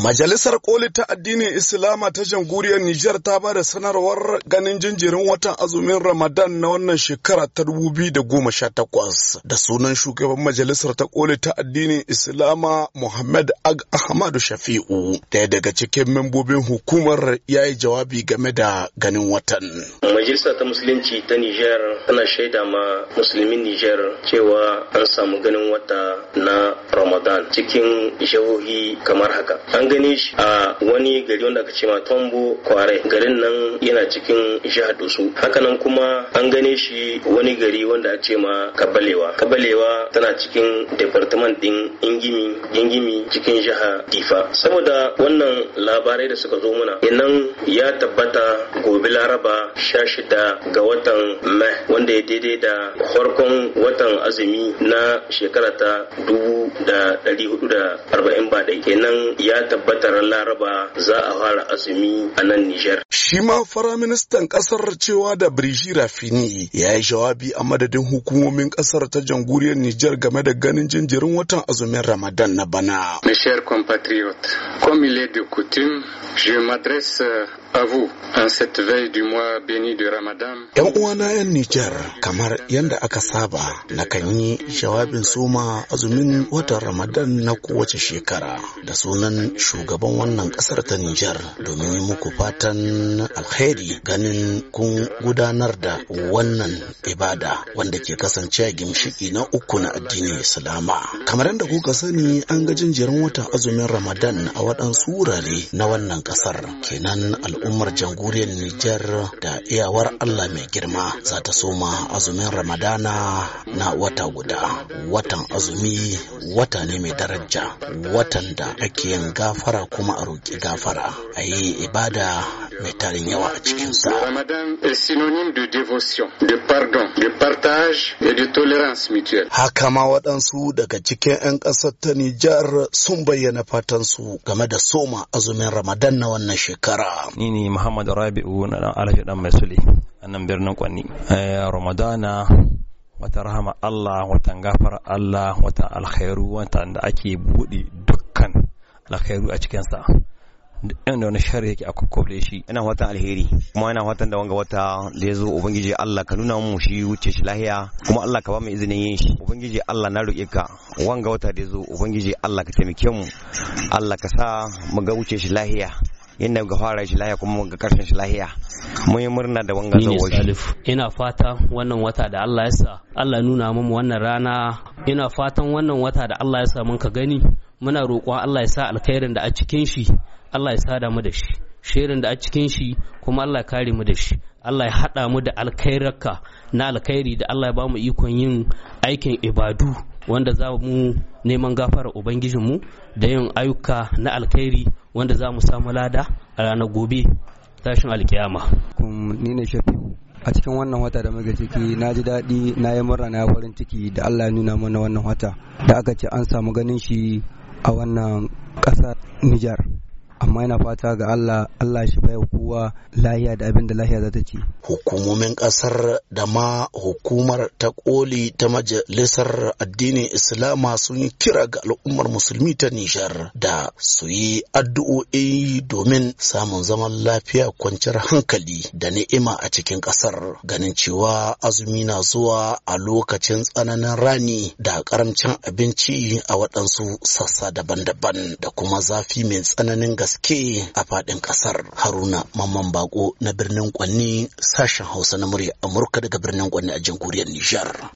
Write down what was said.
Majalisar Koli ta addinin Islama ta jamhuriyar Nijar ta ba da sanarwar ganin jinjirin watan azumin Ramadan na wannan shekara ta 2018 da sunan shugaban Majalisar ta Koli ta addinin Islama Muhammad Ag Ahmadu Shafi'u daya daga cikin membobin hukumar ya yi jawabi game da ganin watan. Majalisar ta Musulunci ta Nijar tana shaida ma musulmin Nijar cewa an samu ganin wata na Ramadan cikin jihohi kamar haka. An gani shi a wani gari wanda aka ce ma Tombo Kware garin nan yana cikin jihar dosu hakanan kuma an gane shi wani gari wanda aka ce ma Kabalewa Kabalewa tana cikin department din Ingimi Ingimi cikin jihar Difa saboda wannan labarai da suka zo muna inan ya tabbata gobe Laraba 16 ga watan Meh wanda ya daidai da farkon watan azumi na shekara ta arba'in ba dai kenan ya tabbata tabbatar laraba za a fara azumi a nan Nijar. Shi ma faraministan ƙasar cewa da birji Rafini ya yi jawabi a madadin hukumomin ƙasar ta jamhuriyar Nijar game da ganin jinjirin watan azumin Ramadan na bana. Mes chers compatriotes, comme il est de coutume, je m'adresse à vous en cette du mois béni de Ramadan. Yan uwana yan Nijar kamar yadda aka saba na kan yi jawabin soma azumin watan Ramadan na kowace shekara da sunan shugaban wannan kasar ta Nijar domin muku fatan alheri ganin kun gudanar da wannan ibada wanda ke kasance a gimshiki na uku na addinin Islama. Kamar yadda kuka sani an ga jinjirin watan azumin Ramadan a waɗansu wurare na wannan kasar kenan al al'ummar jamhuriyar Nijar da iyawar Allah mai girma za ta soma azumin Ramadana na wata guda. Watan azumi wata ne mai daraja, watan da ake yin gafara kuma a roƙi gafara, a yi ibada mai tarin yawa a cikinsa. Ramadan est synonyme de dévotion, de pardon, de partage et de tolérance mutuelle. Haka ma waɗansu daga cikin 'yan ƙasar ta Nijar sun bayyana fatan su game da soma azumin Ramadan na wannan shekara. Ni ne Muhammad Rabi'u na ɗan Alhaji ɗan Mai Sule a nan birnin Kwanni. Eh, Ramadana wata rahama Allah, watan gafar Allah, watan alkhairu, watan da ake buɗe dukkan alkhairu a cikinsa. da wani shari yake a kwakwable shi ina watan alheri kuma ina watan da wanga wata da ya zo ubangiji Allah ka nuna mu shi wuce shi lahiya kuma Allah ka ba mu izinin yin shi ubangiji Allah na roƙe ka wanga wata da ya zo ubangiji Allah ka taimake mu Allah ka sa mu ga wuce shi lahiya yadda ga fara shi lahiya kuma ga karshen shi lahiya mun yi murna da wanga zuwa shi ina fata wannan wata da Allah ya sa Allah nuna mu wannan rana ina fatan wannan wata da Allah ya sa mun ka gani muna roƙon Allah ya sa alkhairin da a cikin shi Allah ya sada mu da shi shirin da a cikin shi kuma Allah ya kare mu da shi Allah ya haɗa mu da alkairarka na alkhairi da Allah ya ba mu ikon yin aikin ibadu wanda za mu neman gafara mu da yin ayyuka na alkhairi wanda za mu samu lada a ranar gobe tashin alkiyama ni ne shafi a cikin wannan wata da muka ciki na ji daɗi na yi murna na farin ciki da Allah ya nuna mana wannan wata da aka ce an samu ganin shi a wannan kasar Nijar. amma yana fata ga Allah Allah shi bai kowa lahiya da abin da lahiya za ta ci hukumomin kasar da ma hukumar ta koli ta majalisar addinin islama sun yi kira ga al'ummar musulmi ta nishar da su yi addu'o'i domin samun zaman lafiya kwanciyar hankali da ni'ima a cikin kasar ganin cewa azumi na zuwa a lokacin tsananin rani da karamcin abinci a waɗansu sassa daban-daban da kuma zafi mai tsananin gaske gaske a faɗin ƙasar haruna mamman bako na birnin kwanni sashen hausa na murya amurka daga birnin kwanni a jamhuriyar nijar